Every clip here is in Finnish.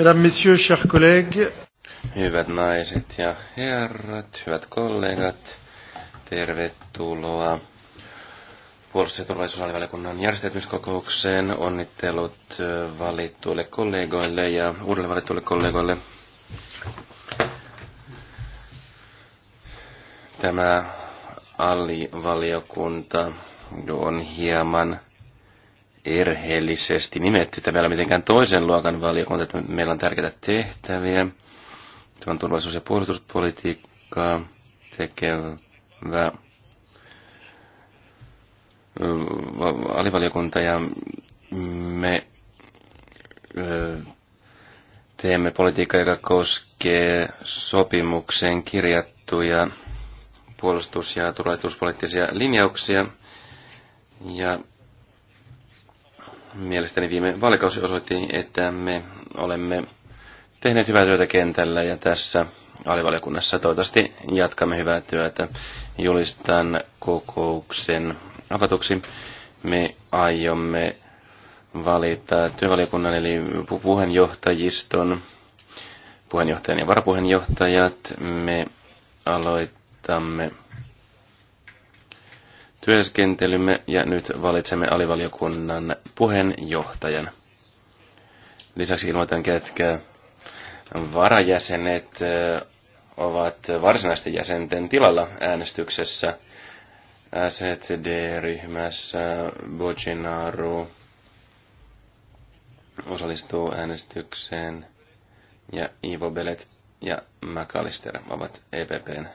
Mesdames, messieurs, chers collègues. Hyvät naiset ja herrat, hyvät kollegat, tervetuloa puolustus- ja turvallisuusalivaliokunnan järjestäytymiskokoukseen. Onnittelut valittuille kollegoille ja uudelle valittuille kollegoille. Tämä alivaliokunta on hieman erheellisesti nimetty, että meillä on mitenkään toisen luokan valiokunta, että meillä on tärkeitä tehtäviä, tuon turvallisuus- ja puolustuspolitiikkaa tekevä alivaliokunta ja me teemme politiikkaa, joka koskee sopimukseen kirjattuja puolustus- ja turvallisuuspoliittisia linjauksia. Ja Mielestäni viime vaalikausi osoitti, että me olemme tehneet hyvää työtä kentällä ja tässä alivaliokunnassa toivottavasti jatkamme hyvää työtä. Julistan kokouksen avatuksi. Me aiomme valita työvaliokunnan eli puheenjohtajiston, puheenjohtajan ja varapuheenjohtajat. Me aloitamme työskentelymme ja nyt valitsemme alivaliokunnan puheenjohtajan. Lisäksi ilmoitan, ketkä varajäsenet äh, ovat varsinaisten jäsenten tilalla äänestyksessä. SETD-ryhmässä Bocinaru osallistuu äänestykseen ja Ivo Belet ja McAllister ovat EPPn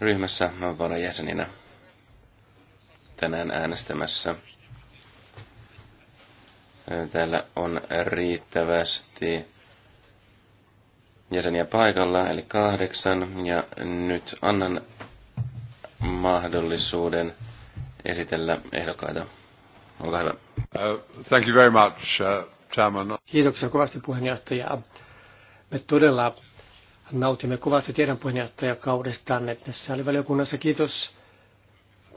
ryhmässä vallan jäseninä tänään äänestämässä. Täällä on riittävästi jäseniä paikalla, eli kahdeksan. Ja nyt annan mahdollisuuden esitellä ehdokkaita. Olkaa hyvä. Uh, thank you very much, uh, Chairman. Kiitoksia kovasti puheenjohtaja. Me todella Nautimme kovasti teidän puheenjohtajakaudestanne tässä oli valiokunnassa. Kiitos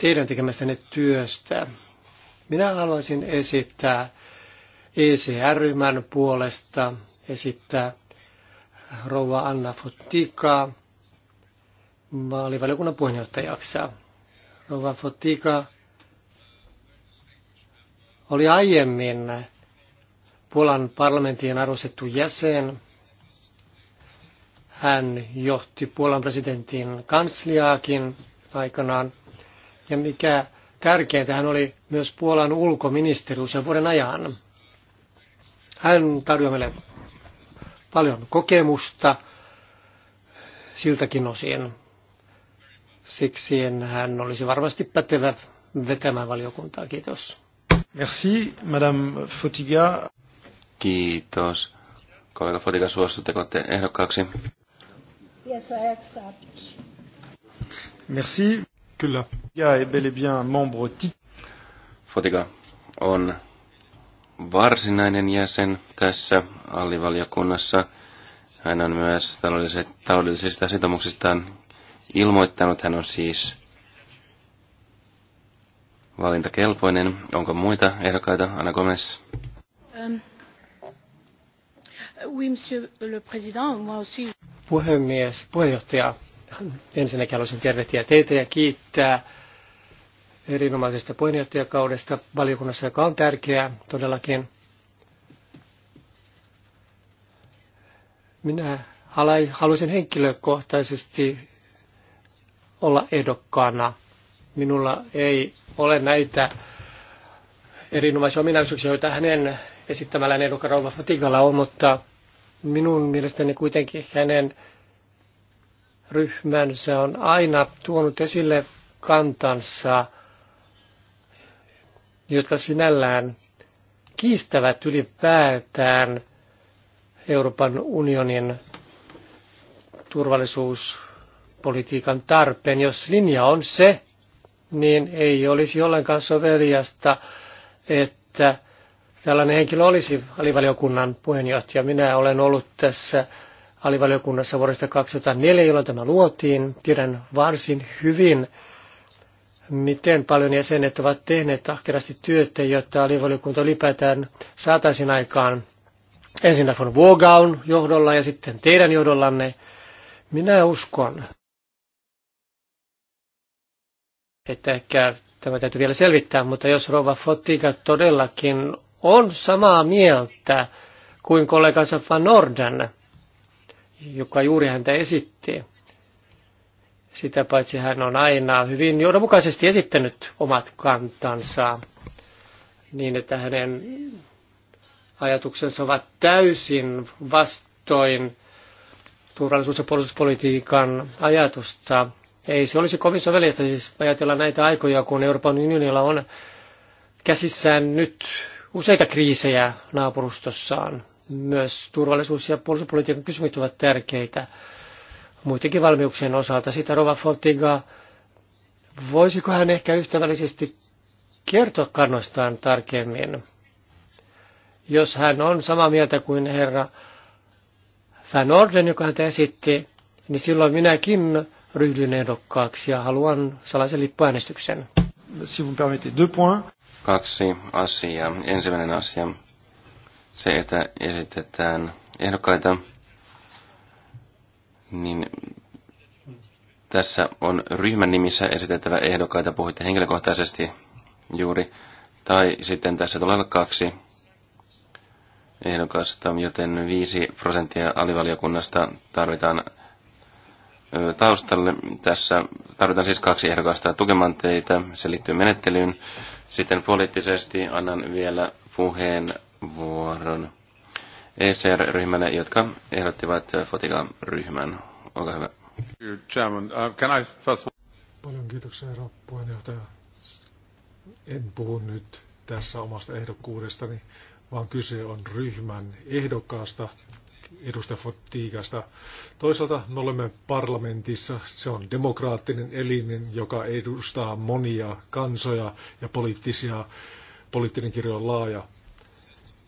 teidän tekemästänne työstä. Minä haluaisin esittää ECR-ryhmän puolesta esittää rouva Anna Fotikaa vaalivaliokunnan puheenjohtajaksi. Rouva Fotika oli aiemmin Puolan parlamentin arvostettu jäsen – hän johti Puolan presidentin kansliaakin aikanaan. Ja mikä tärkeintä, hän oli myös Puolan ulkoministeri usean vuoden ajan. Hän tarjoaa meille paljon kokemusta siltäkin osin. Siksi hän olisi varmasti pätevä vetämään valiokuntaa. Kiitos. Merci, Madame Fotiga. Kiitos. Kollega Fotiga, suostutteko te ehdokkaaksi? Yes, I accept. Merci. Kyllä. Ja ei bel et bien membre Fotika on varsinainen jäsen tässä allivaliokunnassa. Hän on myös taloudellisista sitoumuksistaan ilmoittanut. Hän on siis valintakelpoinen. Onko muita ehdokkaita? Anna Gomez. Um. Oui, Puhemies, puheenjohtaja, ensinnäkin haluaisin tervehtiä teitä ja kiittää erinomaisesta puheenjohtajakaudesta valiokunnassa, joka on tärkeää todellakin. Minä haluaisin henkilökohtaisesti olla ehdokkaana. Minulla ei ole näitä erinomaisia ominaisuuksia, joita hänen esittämällään ehdokkaan Rouva Fatigalla on, mutta minun mielestäni kuitenkin hänen ryhmänsä on aina tuonut esille kantansa, jotka sinällään kiistävät ylipäätään Euroopan unionin turvallisuuspolitiikan tarpeen. Jos linja on se, niin ei olisi ollenkaan soveliasta, että tällainen henkilö olisi alivaliokunnan puheenjohtaja. Minä olen ollut tässä alivaliokunnassa vuodesta 2004, jolloin tämä luotiin. Tiedän varsin hyvin, miten paljon jäsenet ovat tehneet ahkerasti työtä, jotta alivaliokunta ylipäätään saataisiin aikaan ensin von Vogaun johdolla ja sitten teidän johdollanne. Minä uskon, että ehkä tämä täytyy vielä selvittää, mutta jos Rova Fotiga todellakin on samaa mieltä kuin kollegansa Van Norden, joka juuri häntä esitti. Sitä paitsi hän on aina hyvin johdonmukaisesti esittänyt omat kantansa niin, että hänen ajatuksensa ovat täysin vastoin turvallisuus- ja puolustuspolitiikan ajatusta. Ei se olisi kovin sovellista siis ajatella näitä aikoja, kun Euroopan unionilla on käsissään nyt useita kriisejä naapurustossaan. Myös turvallisuus- ja puolustuspolitiikan kysymykset ovat tärkeitä muidenkin valmiuksien osalta. Sitä Rova Fontiga, voisiko hän ehkä ystävällisesti kertoa kannostaan tarkemmin, jos hän on samaa mieltä kuin herra Van Orden, joka häntä esitti, niin silloin minäkin ryhdyn ehdokkaaksi ja haluan salaisen lippuäänestyksen. Si vous permettez deux points kaksi asiaa. Ensimmäinen asia, se, että esitetään ehdokkaita, niin tässä on ryhmän nimissä esitettävä ehdokkaita, puhuitte henkilökohtaisesti juuri, tai sitten tässä tulee olla kaksi ehdokasta, joten 5 prosenttia alivaliokunnasta tarvitaan taustalle. Tässä tarvitaan siis kaksi ehdokasta tukemaan teitä. Se liittyy menettelyyn. Sitten poliittisesti annan vielä puheenvuoron ECR-ryhmälle, jotka ehdottivat Fotika-ryhmän. Olkaa hyvä. Uh, Paljon kiitoksia, herra puheenjohtaja. En puhu nyt tässä omasta ehdokkuudestani, vaan kyse on ryhmän ehdokkaasta edustaja Toisaalta me olemme parlamentissa, se on demokraattinen elin, joka edustaa monia kansoja ja poliittisia, poliittinen kirjo on laaja.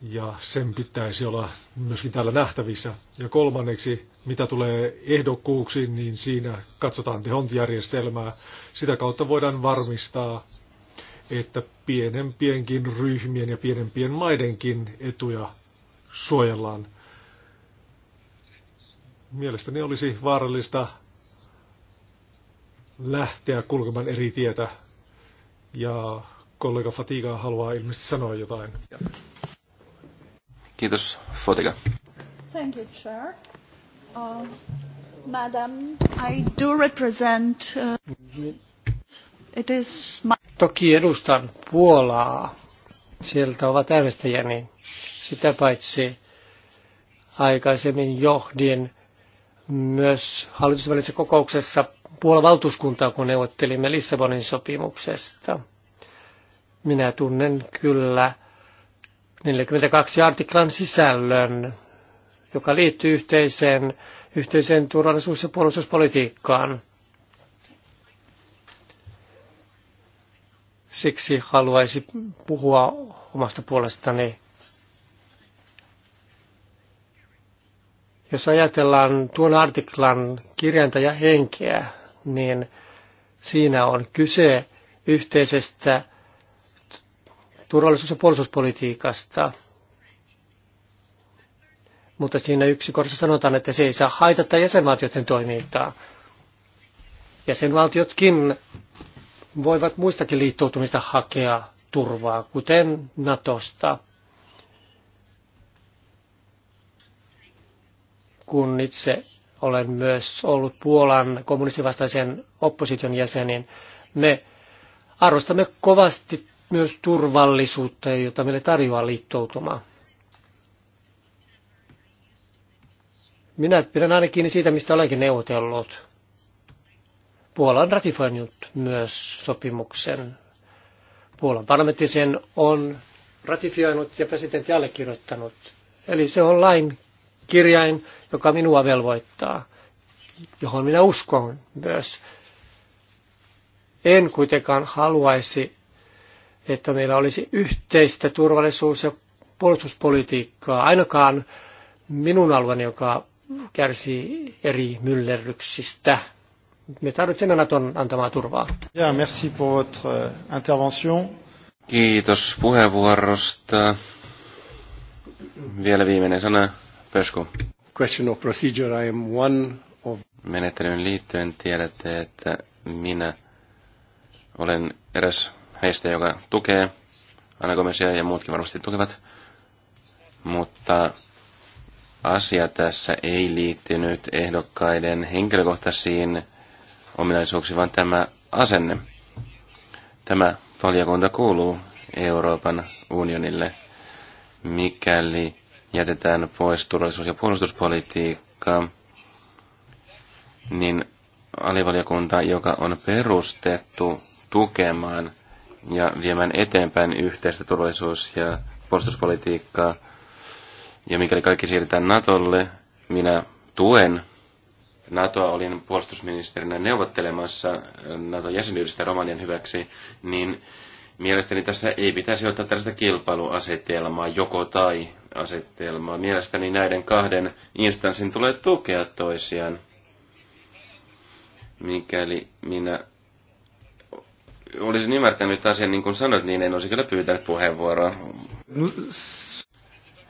Ja sen pitäisi olla myöskin täällä nähtävissä. Ja kolmanneksi, mitä tulee ehdokkuuksiin, niin siinä katsotaan dehontjärjestelmää. Sitä kautta voidaan varmistaa että pienempienkin ryhmien ja pienempien maidenkin etuja suojellaan mielestäni olisi vaarallista lähteä kulkemaan eri tietä. Ja kollega Fatiga haluaa ilmeisesti sanoa jotain. Kiitos, Fatiga. Thank you, Chair. Uh, madam, I do represent... Uh, it is my... Toki edustan Puolaa. Sieltä ovat äänestäjäni. Sitä paitsi aikaisemmin johdin myös hallitusvälisessä kokouksessa Puolan valtuuskuntaa, kun neuvottelimme Lissabonin sopimuksesta. Minä tunnen kyllä 42 artiklan sisällön, joka liittyy yhteiseen, yhteiseen turvallisuus- ja puolustuspolitiikkaan. Siksi haluaisin puhua omasta puolestani Jos ajatellaan tuon artiklan kirjainta ja henkeä, niin siinä on kyse yhteisestä turvallisuus- ja puolustuspolitiikasta. Mutta siinä yksi kohdassa sanotaan, että se ei saa haitata jäsenvaltioiden toimintaa. Jäsenvaltiotkin voivat muistakin liittoutumista hakea turvaa, kuten Natosta. kun itse olen myös ollut Puolan kommunistivastaisen opposition jäsen, niin me arvostamme kovasti myös turvallisuutta, jota meille tarjoaa liittoutuma. Minä pidän ainakin siitä, mistä olenkin neuvotellut. Puola on ratifoinut myös sopimuksen. Puolan parlamentti sen on ratifioinut ja presidentti allekirjoittanut. Eli se on lain kirjain, joka minua velvoittaa, johon minä uskon myös. En kuitenkaan haluaisi, että meillä olisi yhteistä turvallisuus- ja puolustuspolitiikkaa, ainakaan minun alueeni, joka kärsii eri myllerryksistä. Me tarvitsemme Naton antamaa turvaa. Ja, merci pour votre euh, intervention. Kiitos puheenvuorosta. Vielä viimeinen sana Pesku. Question of procedure, I am one of... Menettelyyn liittyen tiedätte, että minä olen eräs heistä, joka tukee Anna ja muutkin varmasti tukevat. Mutta asia tässä ei liittynyt ehdokkaiden henkilökohtaisiin ominaisuuksiin, vaan tämä asenne. Tämä valiokunta kuuluu Euroopan unionille. Mikäli jätetään pois turvallisuus- ja puolustuspolitiikka, niin alivaliokunta, joka on perustettu tukemaan ja viemään eteenpäin yhteistä turvallisuus- ja puolustuspolitiikkaa, ja mikäli kaikki siirretään Natolle, minä tuen NATOa olin puolustusministerinä neuvottelemassa äh, NATO-jäsenyydestä Romanian hyväksi, niin mielestäni tässä ei pitäisi ottaa tällaista kilpailuasetelmaa joko tai, asetelmaa. Mielestäni näiden kahden instanssin tulee tukea toisiaan. Mikäli minä olisin ymmärtänyt asian niin kuin sanoit, niin en olisi kyllä pyytänyt puheenvuoroa.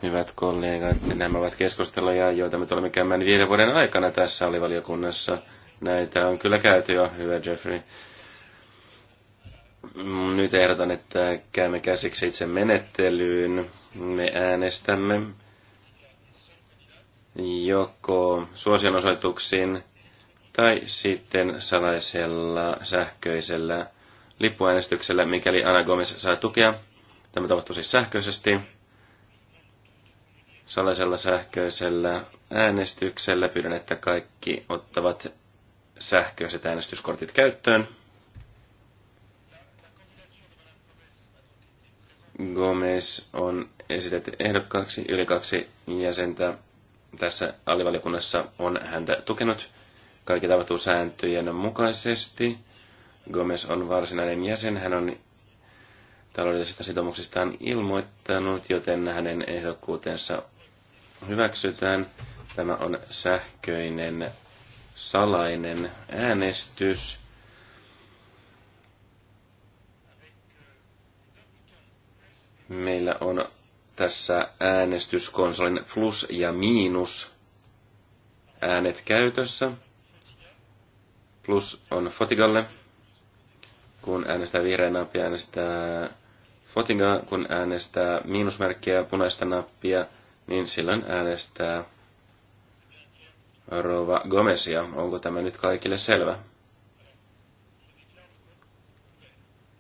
Hyvät kollegat, nämä ovat keskusteluja, joita me tulemme käymään viiden vuoden aikana tässä alivaliokunnassa. Näitä on kyllä käyty jo, hyvä Jeffrey. Nyt ehdotan, että käymme käsiksi itse menettelyyn. Me äänestämme joko suosionosoituksiin tai sitten salaisella sähköisellä lippuäänestyksellä, mikäli Ana Gomes saa tukea. Tämä tapahtuu siis sähköisesti. Salaisella sähköisellä äänestyksellä pyydän, että kaikki ottavat sähköiset äänestyskortit käyttöön. Gomez on esitetty ehdokkaaksi. Yli kaksi jäsentä tässä alivaliokunnassa on häntä tukenut. Kaikki tapahtuu sääntöjen mukaisesti. Gomez on varsinainen jäsen. Hän on taloudellisista sitoumuksistaan ilmoittanut, joten hänen ehdokkuutensa hyväksytään. Tämä on sähköinen salainen äänestys. Meillä on tässä äänestyskonsolin plus ja miinus äänet käytössä. Plus on Fotigalle. Kun äänestää vihreä nappia, äänestää Fotiga. Kun äänestää miinusmerkkiä punaista nappia, niin silloin äänestää Rova Gomesia. Onko tämä nyt kaikille selvä?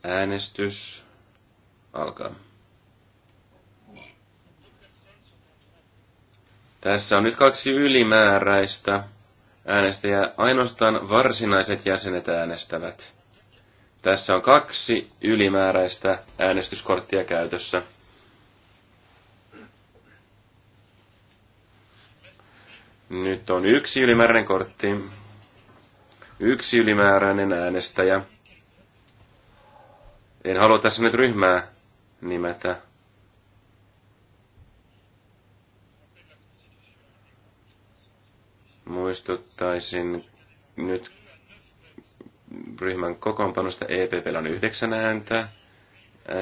Äänestys alkaa. Tässä on nyt kaksi ylimääräistä äänestäjää. Ainoastaan varsinaiset jäsenet äänestävät. Tässä on kaksi ylimääräistä äänestyskorttia käytössä. Nyt on yksi ylimääräinen kortti. Yksi ylimääräinen äänestäjä. En halua tässä nyt ryhmää nimetä. Muistuttaisin nyt ryhmän kokoonpanosta. EPPllä on yhdeksän ääntä,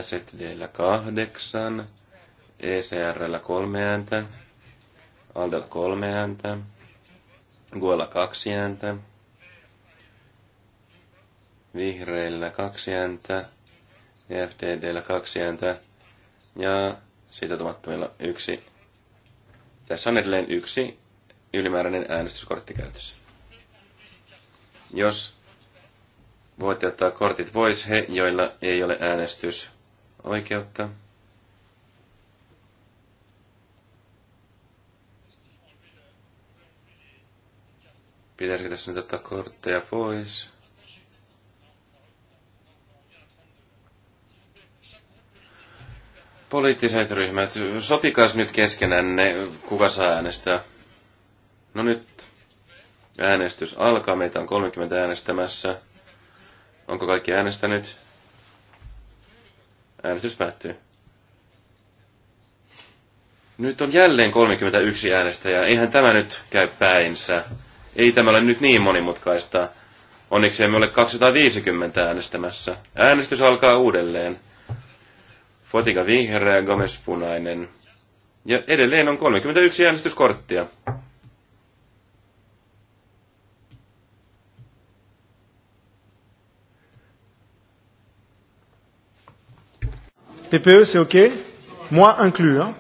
STDllä kahdeksan, ECRllä kolme ääntä, Aldella kolme ääntä, Guella kaksi ääntä, Vihreillä kaksi ääntä, e FDDllä kaksi ääntä ja sitoutumattomilla yksi. Tässä on edelleen yksi ylimääräinen äänestyskortti käytössä. Jos voitte ottaa kortit pois he, joilla ei ole äänestysoikeutta. Pitäisikö tässä nyt ottaa kortteja pois? Poliittiset ryhmät, sopikaas nyt keskenään ne kuka saa äänestää. No nyt äänestys alkaa. Meitä on 30 äänestämässä. Onko kaikki äänestänyt? Äänestys päättyy. Nyt on jälleen 31 äänestäjää. Eihän tämä nyt käy päinsä. Ei tämä ole nyt niin monimutkaista. Onneksi emme ole 250 äänestämässä. Äänestys alkaa uudelleen. Fotika vihreä, Gomes punainen. Ja edelleen on 31 äänestyskorttia. PPE, c'est OK Moi inclus. Hein.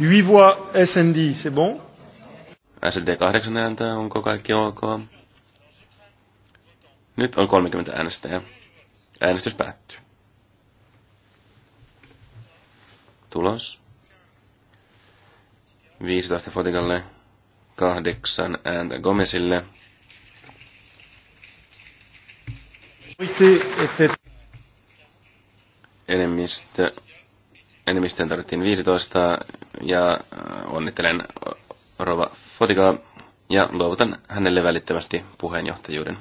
8 voix SND, c'est bon SND 8 ääntä, onko kaikki ok? Nyt on 30 äänestäjää. Äänestys päättyy. Tulos. 15 Fotikalle, 8 ääntä Gomesille enemmistö, enemmistöön tarvittiin 15 ja äh, onnittelen Rova Fotikaa ja luovutan hänelle välittömästi puheenjohtajuuden.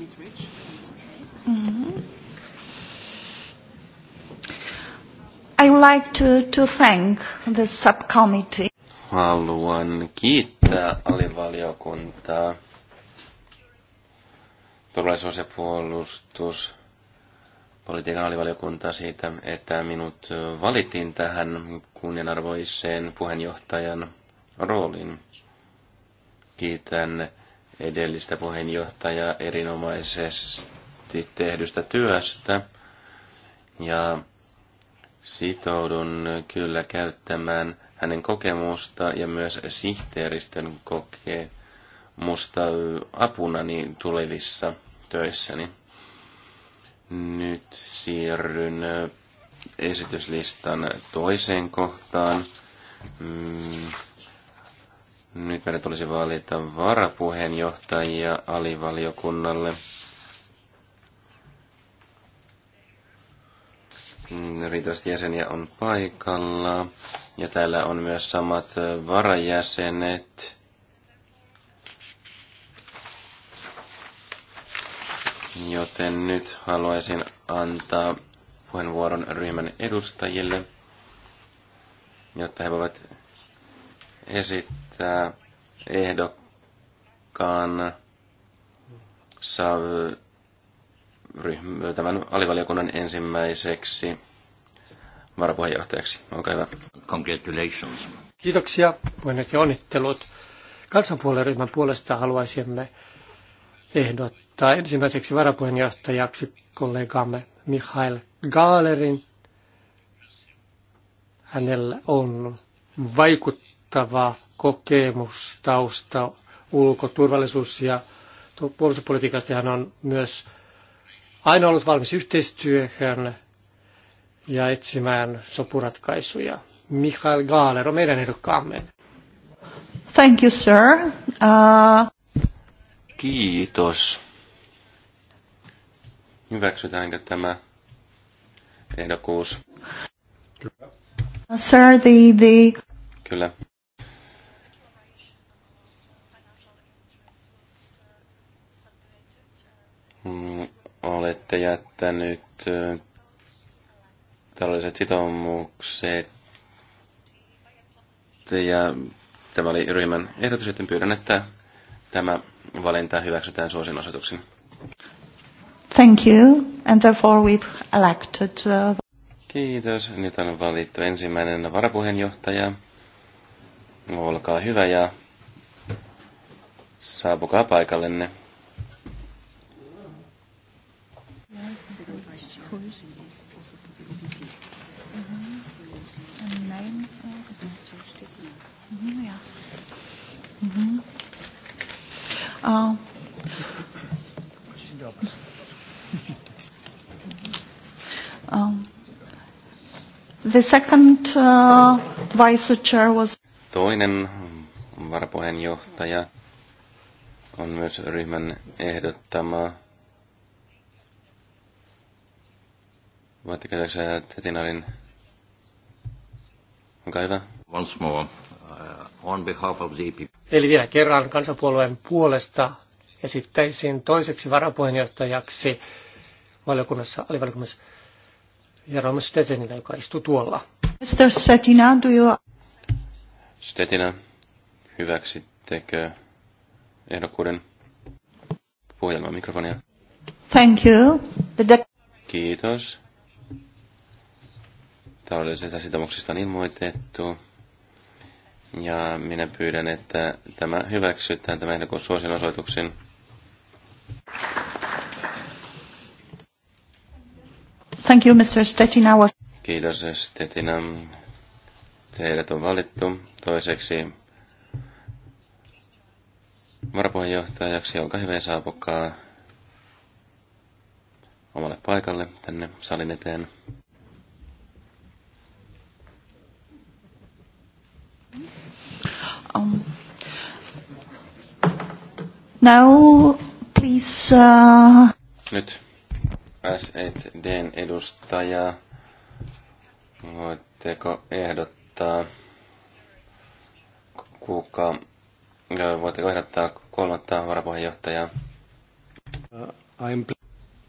is rich, so it's okay. Mm-hmm. I would like to, to thank the subcommittee. Haluan kiittää alivaliokuntaa. Turvallisuus- ja puolustuspolitiikan alivaliokuntaa siitä, että minut valittiin tähän kunnianarvoiseen puheenjohtajan rooliin. Kiitän edellistä puheenjohtajaa erinomaisesti tehdystä työstä. Ja sitoudun kyllä käyttämään hänen kokemusta ja myös sihteeristön kokemusta apunani tulevissa töissäni. Nyt siirryn esityslistan toiseen kohtaan. Mm nyt meidän tulisi valita varapuheenjohtajia alivaliokunnalle. Riittävästi jäseniä on paikalla. Ja täällä on myös samat varajäsenet. Joten nyt haluaisin antaa puheenvuoron ryhmän edustajille, jotta he voivat esittää ehdokkaan ryhmä, tämän alivaliokunnan ensimmäiseksi varapuheenjohtajaksi. Olkaa hyvä. Congratulations. Kiitoksia ja onnittelut. Kansanpuolen ryhmän puolesta haluaisimme ehdottaa ensimmäiseksi varapuheenjohtajaksi kollegaamme Mihail Gaalerin. Hänellä on vaikuttaa kattava kokemus, tausta, ulko, turvallisuus ja puolustuspolitiikasta hän on myös aina ollut valmis yhteistyöhön ja etsimään sopuratkaisuja. Michael Gaaler on meidän ehdokkaamme. Thank you, sir. Uh... Kiitos. Hyväksytäänkö tämä ehdokkuus? Kyllä. Sir, the, the... Kyllä. olette jättänyt äh, tällaiset sitoumukset ja tämä oli ryhmän ehdotus, joten pyydän, että tämä valinta hyväksytään suosin osoituksen. Thank you, and therefore we've elected... Uh... Kiitos. Nyt on valittu ensimmäinen varapuheenjohtaja. Olkaa hyvä ja saapukaa paikallenne. The second uh, vice chair was... Toinen varapuheenjohtaja on myös ryhmän ehdottama. käydä sä Tetinarin? Onko hyvä? Once more. Uh, on behalf of the EPP. Eli vielä kerran kansanpuolueen puolesta esittäisin toiseksi varapuheenjohtajaksi valiokunnassa, alivaliokunnassa Jerome Stetinille, joka istuu tuolla. Mr. Stetina, do you... Stetina, hyväksittekö ehdokkuuden puhelman mikrofonia? Thank you. The... Kiitos. Taloudellisesta sitoumuksesta on ilmoitettu. Ja minä pyydän, että tämä hyväksytään tämä ehdokkuus suosion osoituksen. Thank you, Mr. Was... Kiitos, Stettina. Teidät on valittu toiseksi varapuheenjohtajaksi. Olkaa hyvä ja saapukaa omalle paikalle tänne salin eteen. Um, now, please... Uh... Nyt SHDn edustaja, voitteko ehdottaa, kuka, voitteko ehdottaa kolmatta varapuheenjohtajaa? Uh, I'm...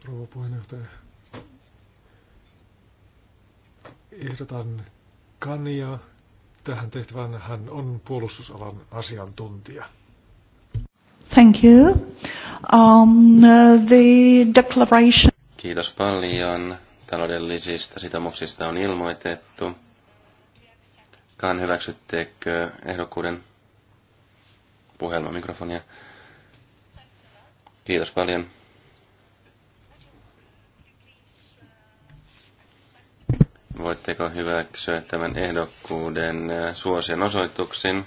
Rouva puheenjohtaja, ehdotan Kania tähän tehtävään. Hän on puolustusalan asiantuntija. Thank you. Um, uh, the declaration Kiitos paljon. Taloudellisista sitomuksista on ilmoitettu. Kaan hyväksyttekö ehdokkuuden puhelma mikrofonia? Kiitos paljon. Voitteko hyväksyä tämän ehdokkuuden suosion osoituksin?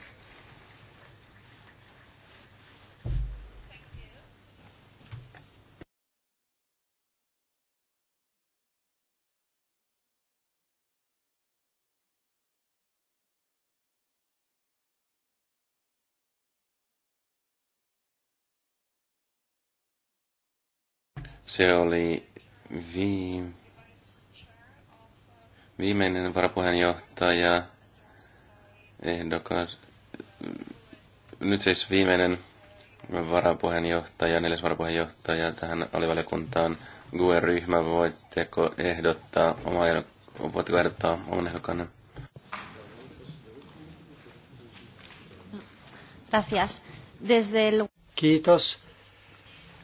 Se oli viim- viimeinen varapuheenjohtaja, ehdokas, nyt siis viimeinen varapuheenjohtaja, neljäs varapuheenjohtaja tähän alivaliokuntaan. GUE-ryhmä, voitteko ehdottaa oma voitteko ehdottaa oman ehdokkaanne? Gracias. Desde el... Kiitos.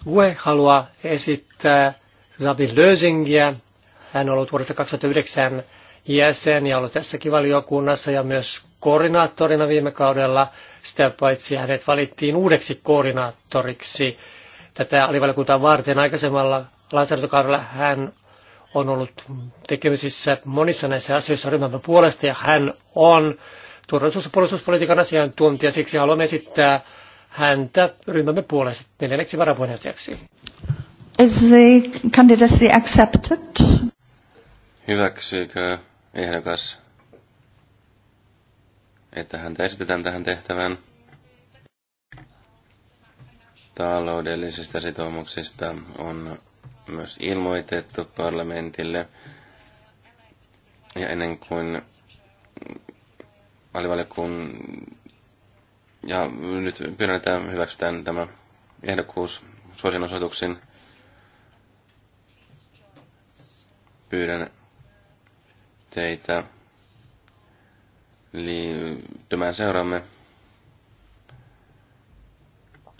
Gue haluaa esittää Zabin Lösingiä. Hän on ollut vuodesta 2009 jäsen ja ollut tässäkin valiokunnassa ja myös koordinaattorina viime kaudella. Sitä paitsi hänet valittiin uudeksi koordinaattoriksi tätä alivaliokuntaa varten. Aikaisemmalla lainsäädäntökaudella hän on ollut tekemisissä monissa näissä asioissa ryhmämme puolesta ja hän on turvallisuus- ja puolustuspolitiikan asiantuntija. Siksi haluamme esittää häntä ryhmämme puolesta neljänneksi varapuheenjohtajaksi. Is the candidacy accepted? Hyväksyykö ehdokas, että häntä esitetään tähän tehtävään? Taloudellisista sitoumuksista on myös ilmoitettu parlamentille. Ja ennen kuin alivaliokunnan ja nyt pyydän, että hyväksytään tämä ehdokkuus osoituksin. Pyydän teitä liittymään seuraamme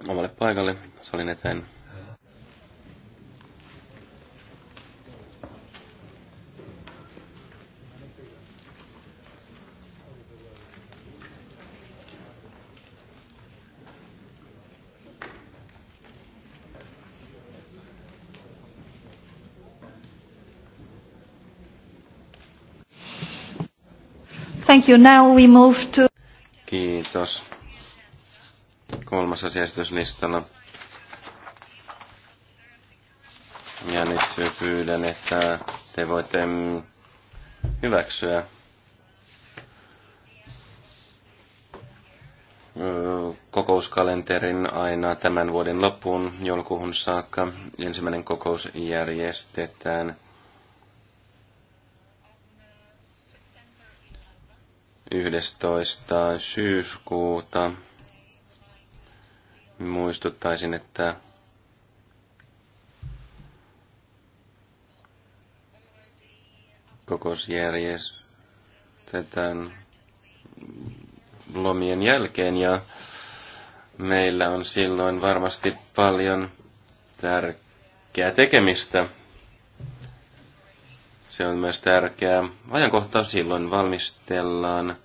omalle paikalle salin eteen. Thank you. Now we move to... Kiitos. Kolmas asiaistuslistalla. Ja nyt pyydän, että te voitte hyväksyä kokouskalenterin aina tämän vuoden loppuun joulukuuhun saakka. Ensimmäinen kokous järjestetään 11. syyskuuta. Muistuttaisin, että kokous lomien jälkeen ja meillä on silloin varmasti paljon tärkeää tekemistä. Se on myös tärkeää ajankohtaa silloin valmistellaan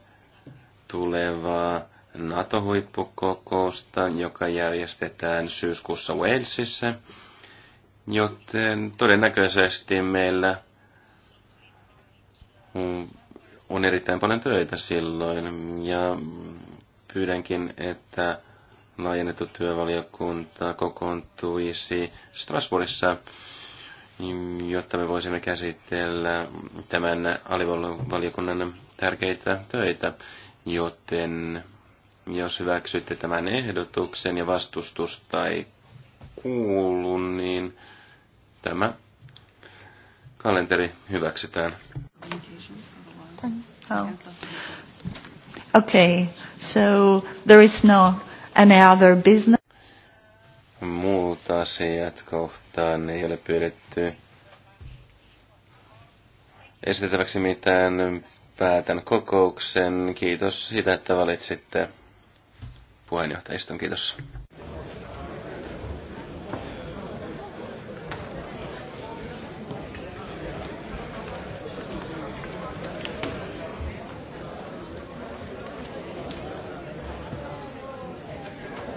tulevaa NATO-huippukokousta, joka järjestetään syyskuussa Walesissa. Joten todennäköisesti meillä on erittäin paljon töitä silloin ja pyydänkin, että laajennettu työvaliokunta kokoontuisi Strasbourgissa, jotta me voisimme käsitellä tämän alivaliokunnan tärkeitä töitä. Joten jos hyväksytte tämän ehdotuksen ja vastustusta ei kuulu, niin tämä kalenteri hyväksytään. Oh. Okay, so there is no any other business. Muut asiat kohtaan ei ole pyydetty esitettäväksi mitään päätän kokouksen. Kiitos siitä, että valitsitte puheenjohtajiston. Kiitos.